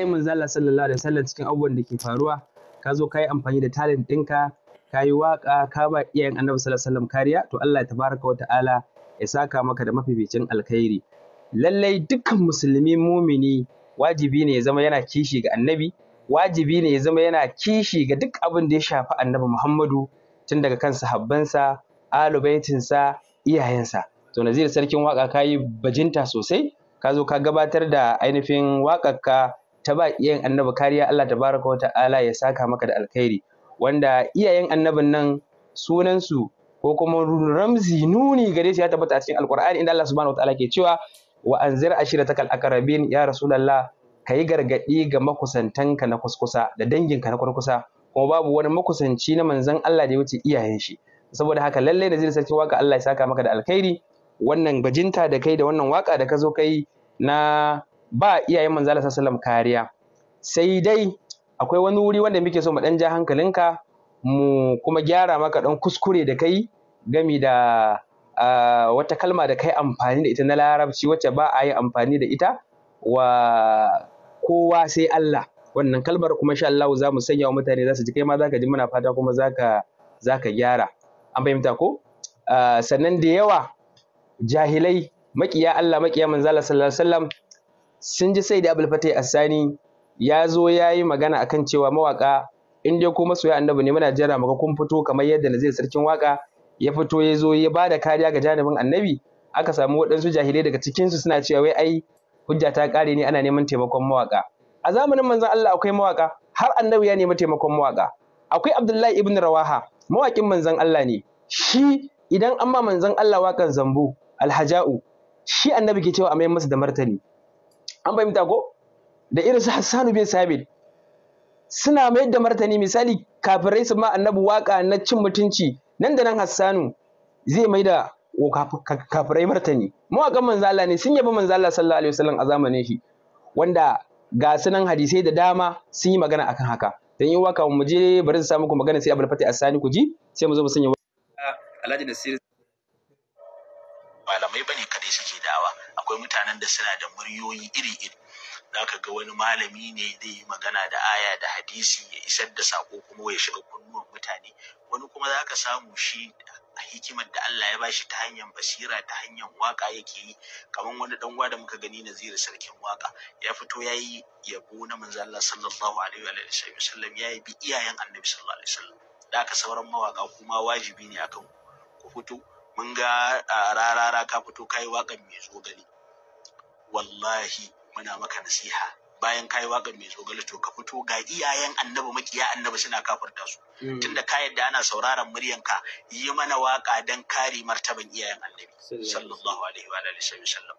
yi manzala sallallahu alaihi wasallam cikin abubuwan da ke faruwa ka zo ka yi amfani da talent ɗinka ka yi waka, ka ba iyayen annabi sallallahu alaihi wasallam kariya to Allah tabaraka wa ta'ala ya saka maka da mafificin alkhairi lallai dukkan musulmi mumini wajibi ne ya zama yana kishi ga annabi wajibi ne ya zama yana kishi ga duk abin da ya shafi annabi Muhammadu tun daga kan sahabbansa alubaitinsa iyayensa to nazir sarkin waka ka yi bajinta sosai ka zo ka gabatar da ainihin waƙarka ta ba iyayen annabi kariya Allah tabaraka wa ta'ala ya saka maka da alkhairi wanda iyayen annabin nan sunansu ko kuma ramzi nuni gare su ya tabbata a cikin alqur'ani inda Allah subhanahu wa ta'ala ke cewa wa anzir ashiratakal aqrabin ya rasulullah kayi gargadi ga makusantanka na kuskusa da danginka na kurkusa kuma babu wani makusanci na manzon Allah da ya wuce iyayen shi saboda haka lallai da zai sarki waka Allah ya saka maka da alkhairi wannan bajinta da kai da wannan waka da ka zo kai na ba iyayen manzo Allah sallallahu kariya sai dai akwai wani wuri wanda muke so mu dan ja hankalinka mu kuma gyara maka dan kuskure da kai gami da wata kalma da kai amfani da ita na larabci wacce ba a yi amfani da ita wa kowa sai Allah wannan kalmar kuma insha Allah za mu sanya wa mutane za su ji kai ma za ka ji muna fata kuma za ka za ka gyara an fahimta ko sannan da yawa jahilai makiya Allah makiya manzala sallallahu alaihi wasallam sun ji sai da abul a Sani. ya zo ya yi magana akan cewa mawaka in dai ko masoya annabi ne muna jira maka kun fito kamar yadda na zai sarkin waka ya fito ya zo ya bada kariya ga janibin annabi aka samu waɗansu jahilai daga cikinsu suna cewa wai ai hujja ta ƙare ne ana neman taimakon mawaka a zamanin manzon Allah akwai mawaka har annabi ya nemi taimakon mawaka akwai Abdullahi ibn Rawaha mawakin manzon Allah ne shi idan an ma manzon Allah wakan zambo alhaja'u shi annabi ke cewa a mai masa da martani an fahimta ko da irin su Hassanu bin Sabit suna mayar da martani misali kafirai su ma annabi waka na cin mutunci nan da nan Hassanu zai mai da kafirai martani mawaƙan manzala ne sun yabi manzala sallallahu alaihi wasallam a zamanin shi wanda ga sunan hadisai da dama sun yi magana akan haka dan yi waka mu je bari su samu ku magana sai Abdul Fatih Asani ku ji sai mu zo mu sanya Alhaji Nasir malamai bane akwai mutanen da suna da muryoyi iri-iri zaka ga wani malami ne zai yi magana da aya da hadisi ya isar da sako kuma ya shiga kunnuwan mutane wani kuma zaka samu shi a hikimar da Allah ya bashi ta hanyar basira ta hanyar waka yake yi kamar wani dan da muka gani na Naziru sarkin waka ya fito yayi yabo na manzo Allah sallallahu alaihi wa sallam yayi bi iyayen Annabi sallallahu alaihi wasallam da sauran mawaka kuma wajibi ne akan ku fito mun ga rarara ka fito kai wakan mai zo gani wallahi muna maka nasiha bayan kayi waka mai zogale to ka fito ga iyayen annabi makiya annabi suna kafirta su hmm. tunda ka yadda ana sauraron muryanka yi mana waka dan kare martaban iyayen annabi sallallahu alaihi wa alihi wasallam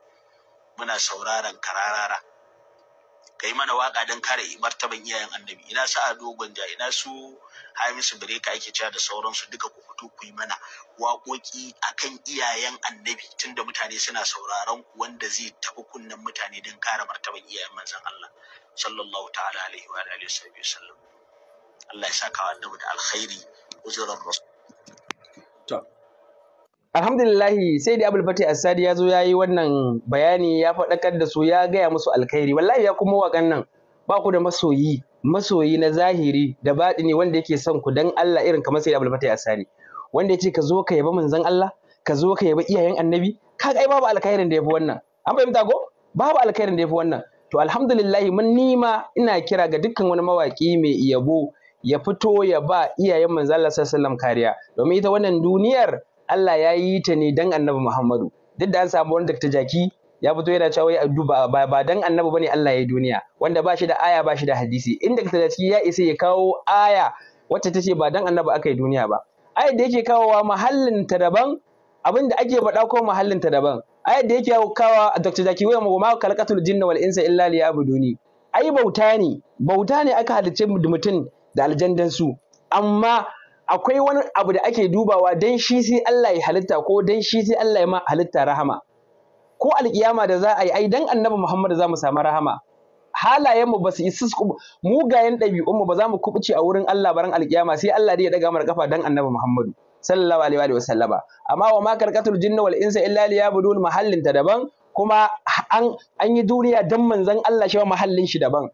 muna sauraron kararara ka yi mana waka don kare martaban iyayen annabi ina su ado gwanja ina su hamisu bireka ake cewa da sauransu duka ku fito ku yi mana waƙoƙi a kan iyayen annabi tunda mutane suna sauraron ku wanda zai tafi kunnen mutane don kare martaban iyayen manzan Allah sallallahu ta'ala alaihi wa alihi wasallam Allah ya saka wa annabi da alkhairi uzurar rasul to alhamdulillahi sai da abul fatih asadi ya zo ya yi wannan bayani ya faɗakar da su ya gaya musu alkhairi wallahi ya kuma waƙan nan ba ku da masoyi masoyi na zahiri da baɗini wanda yake son ku dan Allah irin kamar sai da abul fatih asadi wanda ya ce ka zo ka yaba manzon Allah ka zo ka yaba iyayen annabi ka ga babu alkhairin da yafi wannan an fahimta ko babu alkhairin da yafi wannan to alhamdulillahi mun nima ina kira ga dukkan wani mawaƙi mai yabo ya fito ya ba iyayen manzon Allah sallallahu alaihi wasallam kariya domin ita wannan duniyar Allah ya yi ta ne dan annabi Muhammadu duk da an samu wani Dr. Jaki ya fito yana cewa wai duba ba ba dan annabi bane Allah ya yi duniya wanda ba shi da aya ba shi da hadisi inda dakta Jaki ya isa ya kawo aya wacce ta ce ba dan annabi aka yi duniya ba aya da yake kawowa mahallin ta daban abin da ake faɗa ko mahallin ta daban aya da yake kawowa Dr. Jaki wai ma kalqatul jinna wal insa illa liya'buduni ai bauta ne bauta ne aka halicce mutum da aljandan su amma akwai wani abu da ake dubawa dan shi sai Allah ya halitta ko dan shi sai Allah ya ma halitta rahama ko alkiyama da za a yi ai dan annabi Muhammad za mu samu rahama halayen mu ba su isa mugayen ɗabi'un mu ba za mu kubuce a wurin Allah baran alkiyama sai Allah dai ya daga mana kafa dan annabi Muhammadu sallallahu alaihi wa sallama amma wa ma karkatul jinna wal insa illa liyabudun mahallin ta daban kuma an an yi duniya dan manzon Allah shi mahallin shi daban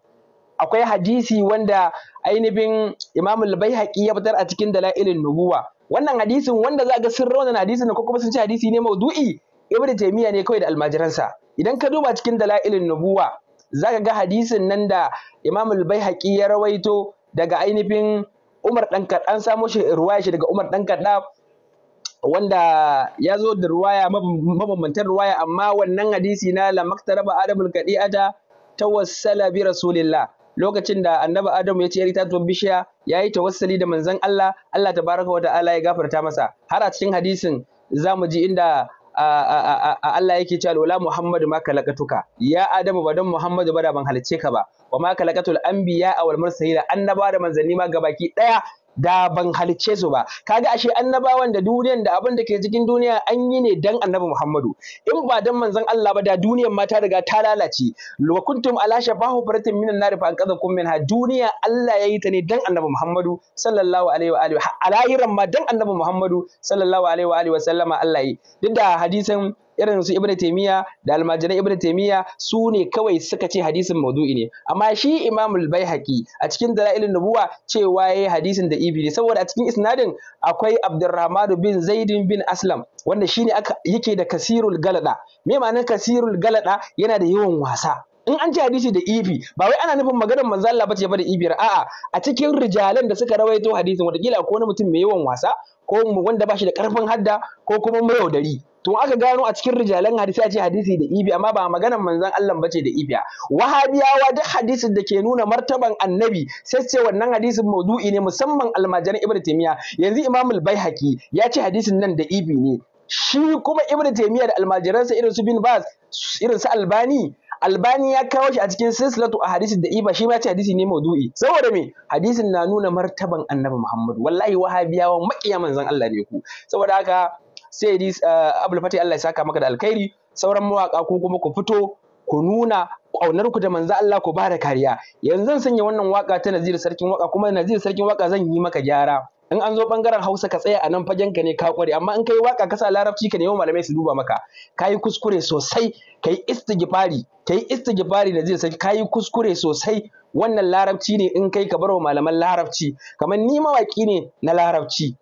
akwai hadisi wanda ainihin Imam al-Baihaqi ya fitar a cikin Dalailin Nubuwa wannan hadisin wanda za ga sun rawana hadisin ko kuma sun ce hadisi ne maudu'i Ibn Taymiyyah ne kawai da almajiransa idan ka duba cikin Dalailin Nubuwa zaka ga hadisin nan da Imam al-Baihaqi ya rawaito daga ainihin Umar dan an samo shi ruwaya shi daga Umar dan Kaddaf wanda ya zo da ruwaya mabambantan ruwaya amma wannan hadisi na lamaktaraba adamul kadi'ata tawassala bi rasulillah lokacin da annabi Adamu ya ci yar itatuwar bishiya ya yi tawassali da manzan Allah Allah ta baraka wa ta'ala ya gafarta masa har a cikin hadisin za mu ji inda Allah yake cewa lola Muhammadu ma kalakatuka ya Adamu ba don Muhammadu ba da ban halicce ka ba wa ma kalakatul anbiya walmar mursalin annaba da manzanni ma gabaki daya da ban halicce su ba kaga ashe annabawan da duniyan da abin da ke cikin duniya an yi ne dan annabi Muhammadu in ba dan manzon Allah ba da duniyar mata ta riga ta lalace wa kuntum ala shafahu faratin minan nari fa anqadhakum minha duniya Allah yayi ta ne dan annabi Muhammadu sallallahu alaihi wa alihi alahiran ma dan annabi Muhammadu sallallahu alaihi wa alihi wa sallama Allah yi duk da hadisin irin su ibnu taimiya da almajiran ibnu taimiya su ne kawai suka ce hadisin maudu'i ne amma shi imam al-baihaqi a cikin dalailin nubuwa cewa yayi hadisin da ibi ne saboda a cikin isnadin akwai abdurrahman bin zaidin bin aslam wanda shine aka yake da kasirul galada me ma'anar kasirul galada yana da yawan wasa in an ji hadisi da ifi ba wai ana nufin maganar manzo Allah ce ba da ibiyar a'a a cikin rijalan da suka rawaito hadisin kila ko wani mutum mai yawan wasa ko wanda ba shi da karfin hadda ko kuma mayaudari to aka gano a cikin rijalan hadisi a ce hadisi da ibi amma ba maganar manzon Allah ce da ibiya wahabiyawa duk hadisin da ke nuna martaban annabi sai ce wannan hadisin maudu'i ne musamman almajiran ibnu taymiya yanzu imamul albayhaqi ya ce hadisin nan da ibi ne shi kuma ibnu taymiya da almajiransa irin su bin bas irin su albani Albani ya kawo shi a cikin silsilatu a hadisin da iba shi ma ce hadisi ne maudu'i saboda me hadisin na nuna martaban Annabi Muhammad wallahi wahabiyawa makiya manzon Allah ne ku saboda haka sai yi eh, abul Fatih Allah ya saka maka da alkhairi sauran mawaka ko kuma ku fito ku nuna ƙaunar ku da manzo Allah ku bada kariya yanzu zan sanya wannan waka ta Nazir sarkin waka kuma Nazir sarkin waka zan yi maka gyara in an zo bangaren Hausa ka tsaya a nan fagen ka ne ka kware amma in kai waka ka sa larabci ka nemi malamai su duba maka kai kuskure sosai kai istighfari kai istighfari Nazir sarki kai kuskure sosai wannan larabci ne in kai ka barwa malaman larabci kamar ni mawaki ne na larabci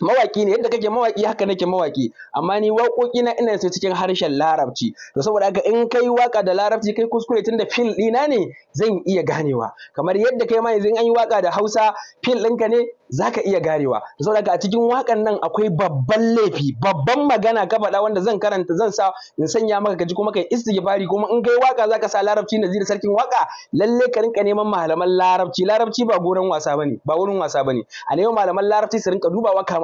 mawaki ne yadda kake mawaki haka nake mawaki amma ni waƙoƙi na ina sai cikin harshen larabci to saboda haka in kai waka da larabci kai kuskure tunda fil ɗina ne zan iya ganewa kamar yadda kai ma yanzu in an yi waka da Hausa fil ɗinka ne zaka iya ganewa to saboda haka a cikin wakan nan akwai babban laifi babban magana ka faɗa wanda zan karanta zan sa in sanya maka kaji kuma kai istighfari kuma in kai waka zaka sa larabci nazir sarkin waka lalle ka rinka neman malaman larabci larabci ba gurin wasa bane ba wurin wasa bane a neman malaman larabci su rinka dubawa kamar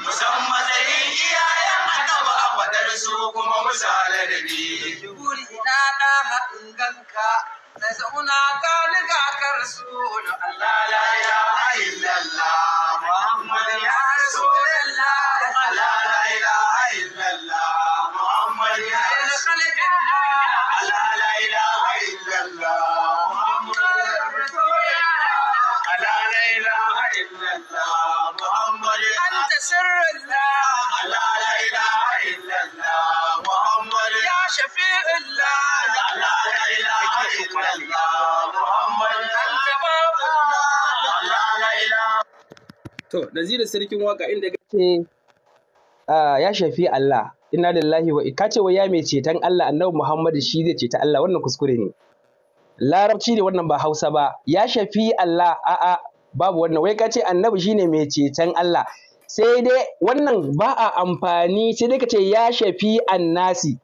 Musan matsayin iyayen annabi a faɗar su kuma misali da bi. Buri na na haɗin ganka, na zauna ka ni gakar su. Allah la ya illallah Muhammad ya nazirin sarkin waka inda ce ah, ya shafi Allah inna lillahi wa ya mai ceton Allah annabi Muhammadu shi zai ceta Allah wannan kuskure ne larabci ne wannan ba Hausa ba ya shafi Allah a'a babu wannan wai kace annabi shine mai ceton Allah sai dai wannan ba a amfani sai dai kace ya shafi annasi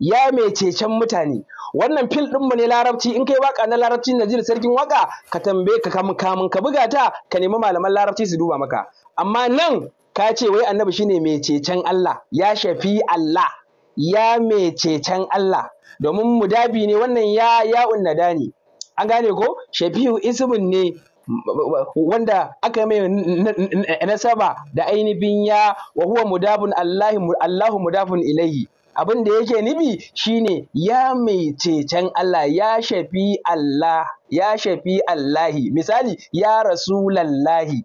ya mai cecen mutane wannan fil ɗinmu ne larabci in kai waka na larabci Najir sarkin waka ka tambaye ka kamun ka buga ta ka nemi malaman larabci su duba maka amma nan ka ce wai annabi shi ne mai cecen Allah ya shafi Allah ya mai cecen Allah domin mudabi ne wannan ya ya unnada ne an gane ko shafi'u ismun ne wanda aka mai nasaba da ainihin ya wa huwa mudabun Allahu mudafun ilaihi abin da yake nufi shine ya mai ceton Allah ya shafi Allah ya shafi Allahi misali ya rasulallahi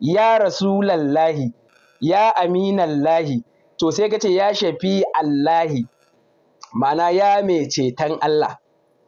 ya rasulallahi ya aminallahi to sai ka ce ya shafi Allahi ma'ana ya mai ceton Allah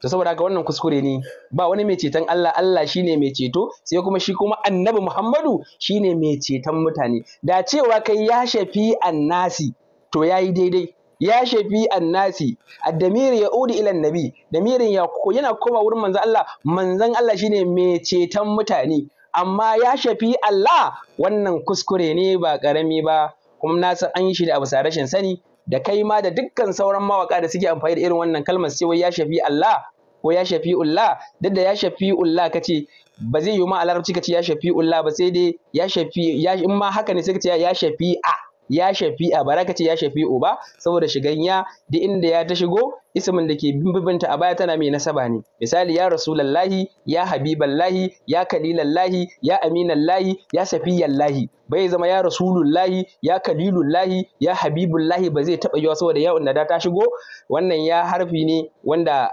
to saboda haka wannan kuskure ne ba wani mai ceton Allah Allah shine mai ceto sai kuma shi kuma annabi Muhammadu shine mai ceton mutane da cewa kai ya shafi annasi to yayi daidai ya shafi annasi addamiri ya udi ilan nabi damirin ya yana koma wurin manzon Allah manzon Allah shine mai ceton mutane amma ya shafi Allah wannan kuskure ne ba karami ba kuma na san an yi shi da abu rashin sani da kai ma da dukkan sauran mawaka da suke amfani da irin wannan kalmar sai wai ya shafi Allah ko ya shafi ulla duk da ya shafi ulla kace ba zai yi ma a larabci kace ya shafi ulla ba sai dai ya shafi in ma haka ne sai kace ya shafi a ya shafi a barakace ce ya shafi uba saboda shigan ya duk inda ya ta shigo ismin da ke bimbinta a baya tana mai nasaba ne misali ya rasulallahi ya habiballahi ya kalilallahi ya aminallahi ya safiyallahi bai zama ya rasulullahi ya kalilullahi ya habibullahi ba zai taɓa yiwa saboda ya'un da ta shigo wannan ya harfi ne wanda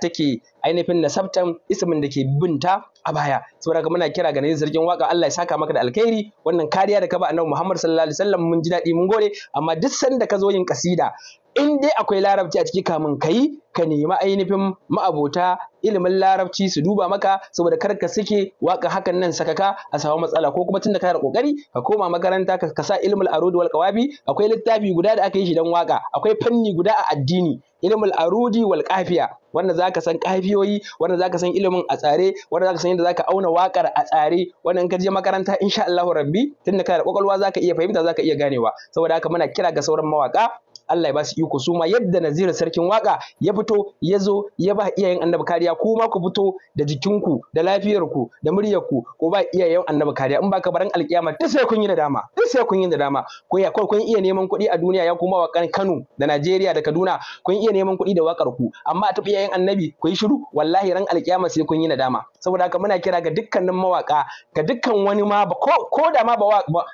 take ainihin nasabtan ismin da ke binta a baya saboda haka muna kira ga zargin waka Allah ya saka maka da alkhairi wannan kariya da ka ba annabi Muhammad sallallahu alaihi wasallam mun ji daɗi mun gode amma duk sanda ka zo yin kasida in dai akwai larabci a ciki kamin ka yi ka nemi ainihin ma'abota ilimin larabci su duba maka saboda kar ka sake waka hakan nan sakaka a samu matsala ko kuma tunda kana kokari ka koma makaranta ka sa ilmul arudi wal qawabi akwai littafi guda da aka yi shi dan waka akwai fanni guda a addini ilmul arudi wal qafiya wanda zaka san kafiyoyi wanda zaka san ilimin a tsare wanda zaka san yadda zaka auna wakar a tsare wanda in ka je makaranta insha Allahu rabbi tunda kana da kwakwalwa zaka iya fahimta zaka iya ganewa saboda haka muna kira ga sauran mawaka Allah ya ba su iko su ma yadda Nazir sarkin waka ya fito ya zo ya ba iyayen annabi kariya ku ma ku fito da jikinku da lafiyarku da muryarku ko ba iyayen annabi kariya in baka baran alkiyama duk sai kun yi da dama duk sai kun yi da dama ko ya kun iya neman kuɗi a duniya ya kuma wa Kano da Najeriya da Kaduna kun iya neman kuɗi da wakar ku amma a tafi iyayen annabi ku yi shiru wallahi ran alkiyama sai kun yi dama. saboda haka muna kira ga dukkanin mawaka ga dukkan wani ma ko da ma ba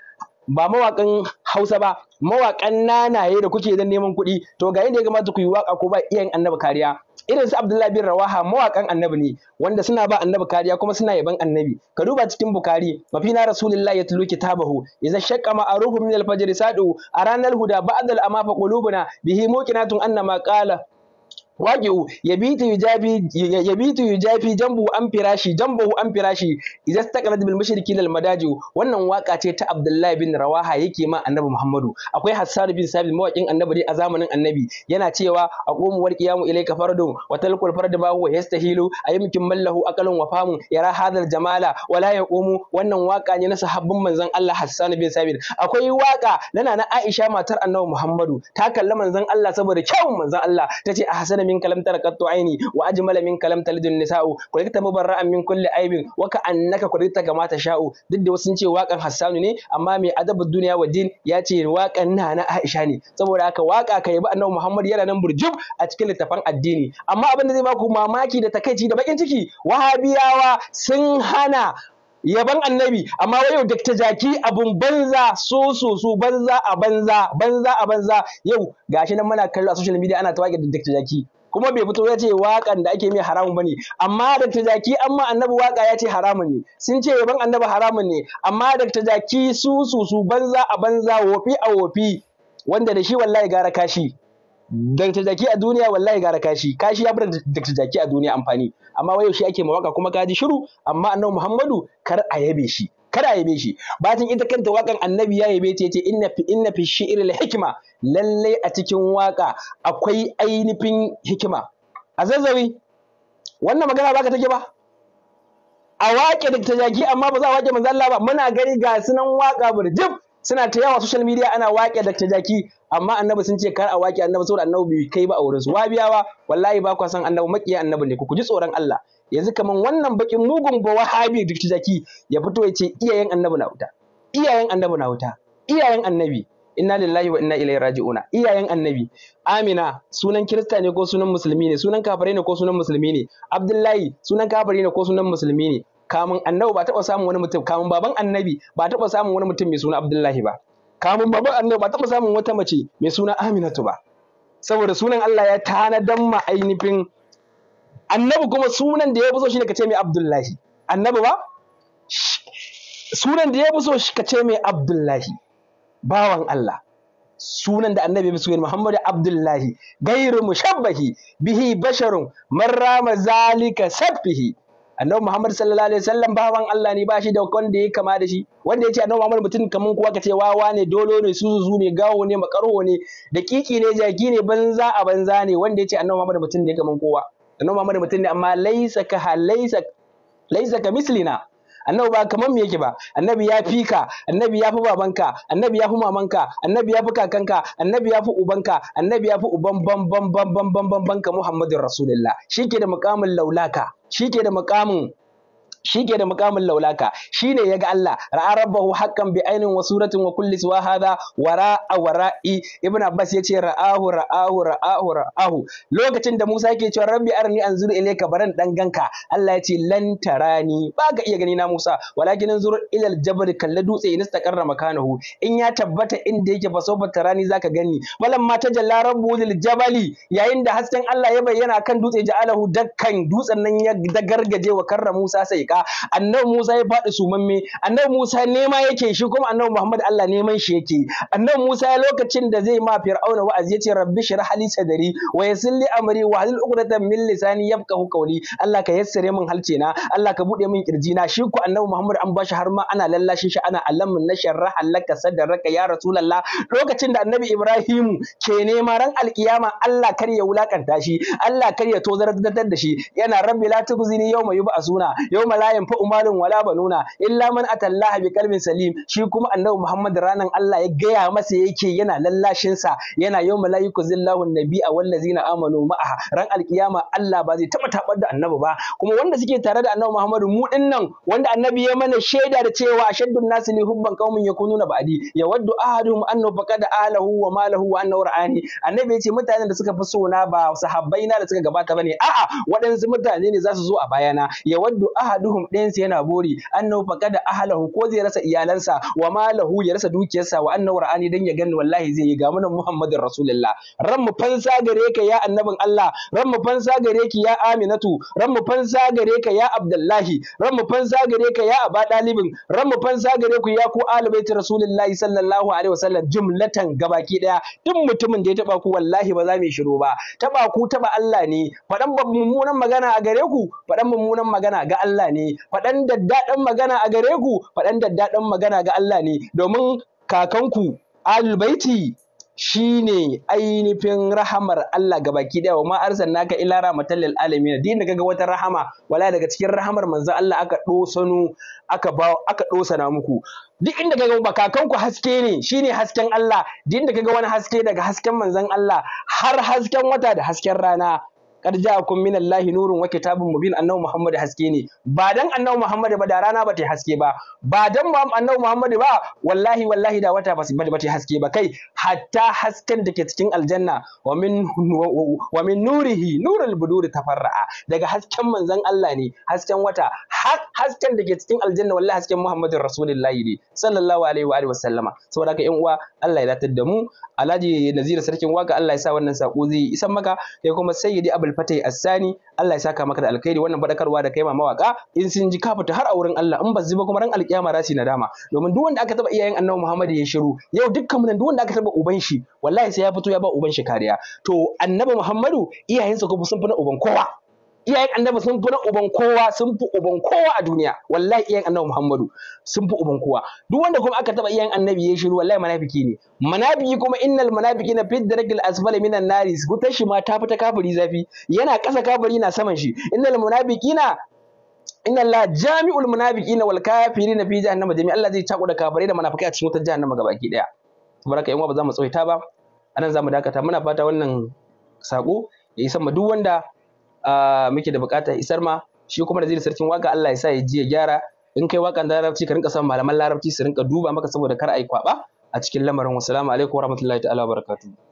ba mawakan Hausa ba mawaƙan nanaye da kuke dan neman kuɗi to ga yadda ya kamata ku yi waƙa ko ba iyayen annabi kariya irin su Abdullahi bin Rawaha mawakan annabi ne wanda suna ba annabi kariya kuma suna yaban annabi ka duba cikin Bukhari mafina rasulullahi ya tulu kitabahu idza shaqqa aruhu min al-fajr sadu a ranar huda ba'dal amafa qulubuna bihi muqinatun annama qala ya yabitu yujafi jan yujafi jambu an firashi jambahu an firashi idza istaqalat bil mushriki wannan waka ce ta Abdullahi bin Rawaha yake ma Annabi Muhammadu akwai Hassan bin Sabit mawaƙin Annabi a zamanin Annabi yana cewa a aqumu wal ilai ilayka fardun wa talqul fardu ba huwa yastahilu ayyukum mallahu akalun wafamu ya ra hadar jamala wala yaqumu wannan waka ne na sahabbin manzon Allah Hassan bin Sabit akwai waka na na Aisha matar Annabi Muhammadu ta kalla manzon Allah saboda kyawun manzon Allah ta ce a Hassan min kalam tara aini wa ajmala min kalam talidun nisa'u kulikta mubarra'an min kulli aibin wa ka annaka kulikta kama sha'u duk da wasu sun ce waƙan Hassanu ne amma mai adabu duniya wa din ya ce waƙan na na Aisha ne saboda haka waƙa ka yabi annabi Muhammad yana nan burjub a cikin littafan addini amma abin da zai ku mamaki da takaici da bakin ciki wahabiyawa sun hana yaban annabi amma wai yau dakta jaki abun banza so so so banza a banza banza a banza yau gashi nan muna kallo a social media ana tawage da dakta jaki kuma bai fito ya ce waƙan da ake mai haramun ba ne, amma Dr. Jaki amma annabi waƙa ya ce haramun ne sun ce yaban annabi haramun ne amma Dr. Jaki su su su banza a banza wofi a wofi wanda da shi wallahi gara kashi Dr. Jaki a duniya wallahi gara kashi kashi ya bar Dr. Jaki a duniya amfani amma wayo shi ake mawaka kuma kaji shiru amma annabi Muhammadu kar a yabe shi kada a yabe shi batun ita kanta wakan annabi ya yabe ta yace inna fi inna fi shi'ri lallai a cikin waka akwai ainihin hikima a zazzawi wannan magana baka take ba a waƙe da ta jaki amma ba za a waƙe manzo Allah ba muna gari ga sunan waka burjib suna ta yawa social media ana waƙe da ta jaki amma annabi sun ce kar a waki annabi saboda annabi bai kai ba a wurin su wabiyawa wallahi ba kwa san annabi makiya annabi ne ku ji tsoron Allah yanzu kaman wannan bakin mugun ba wahabi duk jaki ya fito ya ce iyayen annabi na wuta iyayen annabi na wuta iyayen annabi inna lillahi wa inna ilaihi raji'una iyayen annabi amina sunan kirista ne ko sunan musulmi ne sunan kafare ne ko sunan musulmi ne abdullahi sunan kafare ne ko sunan musulmi ne kamun annabi ba taɓa samun wani mutum kamun baban annabi ba taɓa samun wani mutum mai suna abdullahi ba kamun babban annabi ba taɓa samun wata mace mai suna aminatu ba saboda sunan Allah ya tanadan ma ainihin annabi kuma sunan da ya buso shi ne kace mai abdullahi annabi ba sunan da ya buso shi kace mai abdullahi bawan Allah sunan da annabi musu yin Muhammadu Abdullahi gairu mushabbahi bihi basharun man rama zalika sabbihi annabi Muhammad sallallahu alaihi wasallam bawan Allah ne ba shi da wanda ya kama da shi wanda ya ce annabi Muhammad mutum kaman kowa ka ce wawa ne dolo ne suzu ne gawo ne makarho ne kiki ne jaki ne banza a banza ne wanda ya ce annabi Muhammad mutum ne kaman kowa annabi Muhammad mutum ne amma laisa ka laisa laisa ka mislina annabi ba kamar me yake ba annabi ya fi ka annabi ya fi babanka annabi ya fi mamanka annabi ya fi kakanka annabi ya fi ubanka annabi ya fi uban ban ban ban ban ban ban ka muhammadin rasulullah shike da muqamin laulaka shike da muqamin shi ke da mukamin laulaka shi ne ya ga Allah ra'a rabbahu bi ainin wa suratin wa kulli wa hada wara wara'i ibn abbas ya hu! ra'ahu ra'ahu ra'ahu ra'ahu lokacin da musa yake cewa rabbi arni anzuru ilayka baran dan ganka Allah ya ce lan tarani ba ka iya gani na musa walakin anzur ila jabal kalla dutse in istaqarra makanahu in ya tabbata inda yake fa sofa tarani zaka gani walam ma tajalla rabbu lil jabali yayin da hasken Allah ya bayyana kan dutse ja'alahu dakkan dutsen nan ya dagargaje wa karra musa sai shiga annabi Musa ya faɗi sumamme annabi Musa nema yake shi kuma annabi Muhammad Allah neman shi yake annabi Musa ya lokacin da zai ma Fir'auna wa'azi yace rabbi shrah hali sadri wa yassir li amri wa hlul uqdata min lisani yafqahu qawli Allah ka yassare min halcina Allah ka bude min na shi ku annabi Muhammad an bashi har ma ana lallashi shi ana alamun na sharrah laka sadraka ya rasulullah lokacin da annabi Ibrahim ke nema ran alkiyama Allah kar ya wulakanta shi Allah kar ya tozar da shi yana rabbi la tuzini yawma yub'asuna yawma la yanfa umarin wala banuna illa man atallaha bi kalbin salim shi kuma annabi Muhammad ranan Allah ya gaya masa yake yana lallashin sa yana yau malaiku zillahu nabi'a wallazina amanu ma'aha ran alkiyama Allah ba zai taba tabar da annabi ba kuma wanda suke tare da annabi Muhammad mu nan, wanda annabi ya mana shaida da cewa shaddun nasi li hubban qaumin yakununa ba'di yawaddu ahaduhum annahu faqada ahlahu wa malahu wa annahu ra'ani annabi ya ce mutanen da suka fi so na ba sahabbaina da suka gabata bane a'a waɗansu mutane ne za su zo a bayana yawaddu ahadu ahaduhum ɗayansu yana bori annahu faqada ahlahu ko zai rasa iyalansa wa malahu ya rasa dukiyarsa wa annahu ra'ani dan ya gani wallahi zai yi ga munan muhammadin rasulullah ran mu fansa gare ka ya annabin Allah ran mu fansa gare ki ya aminatu ran mu fansa gare ka ya abdullahi ran mu fansa gare ka ya aba dalibin ran mu fansa gare ku ya ku albaiti rasulullahi sallallahu alaihi wasallam jumlatan gabaki daya duk mutumin da ya taba ku wallahi ba za mu shiru ba taba ku taba Allah ne faɗan mummunan magana a gare ku faɗan mummunan magana ga Allah ne ne faɗan daddaɗan magana a gare ku faɗan daddaɗan magana ga Allah ne domin kakanku albaiti shi shine ainihin rahamar Allah ga baki ɗaya. wa ma naka ila rahmatan lil alamin din da kaga wata rahama wala daga cikin rahamar manzo Allah aka dosano aka ba aka dosana muku duk inda kaga ba kakanku haske ne shine hasken Allah duk inda kaga wani haske daga hasken manzon Allah har hasken wata da hasken rana kad ja'akum min Allahi nurun wa kitabun mubin annabi Muhammad haske ne ba dan annabi Muhammad ba da rana ba ta haske ba ba dan annabi Muhammad ba wallahi wallahi da wata ba ba ta haske ba kai hatta hasken da ke cikin aljanna wa min wa min nurihi nurul buduri tafarra'a daga hasken manzon Allah ne hasken wata hasken da ke cikin aljanna wallahi hasken Muhammadin Rasulullahi ne sallallahu alaihi wa alihi wasallama saboda ka yan uwa Allah ya datar da mu alaji Nazira sarkin waka Allah ya sa wannan sako zai isan maka kai kuma sayyidi abul Abul Fatai Assani Allah ya saka maka da alkhairi wannan badakarwa da kai ma mawaka in sun ji ka fita har a wurin Allah in ba zuba kuma ran alkiyama rasi nadama domin duk wanda aka taba iyayen Annabi Muhammad ya shiru yau dukkan mun duk wanda aka taba uban shi wallahi sai ya fito ya ba uban shi kariya to Annabi Muhammadu iyayensa ko sun fi uban kowa iyayen annabi sun fi na uban kowa sun fi uban kowa a duniya wallahi iyayen annabi muhammadu sun fi uban kowa duk wanda kuma aka taba iyayen annabi ya shiru wallahi munafiki ne munafiki kuma innal na fid darkil asfali minan nari wutar shi ma ta fita kafiri zafi yana ƙasa kafiri na saman shi innal na inna la jami'ul na wal na fi jahannama jami'a Allah zai da kafirai da munafikai a cikin wutar jahannama gabaki daya baraka yan uwa ba za mu tsoita ba anan za mu dakata muna fata wannan sako ya yi ma duk wanda muke da buƙatar isar ma shi kuma da zai sarkin waka Allah ya sa ya ji ya gyara in kai wakan da larabci ka rinka son malaman larabci su rinka duba maka saboda kar a yi kwaba a cikin lamarin wasu alaikum warahmatullahi ta'ala barakatuhu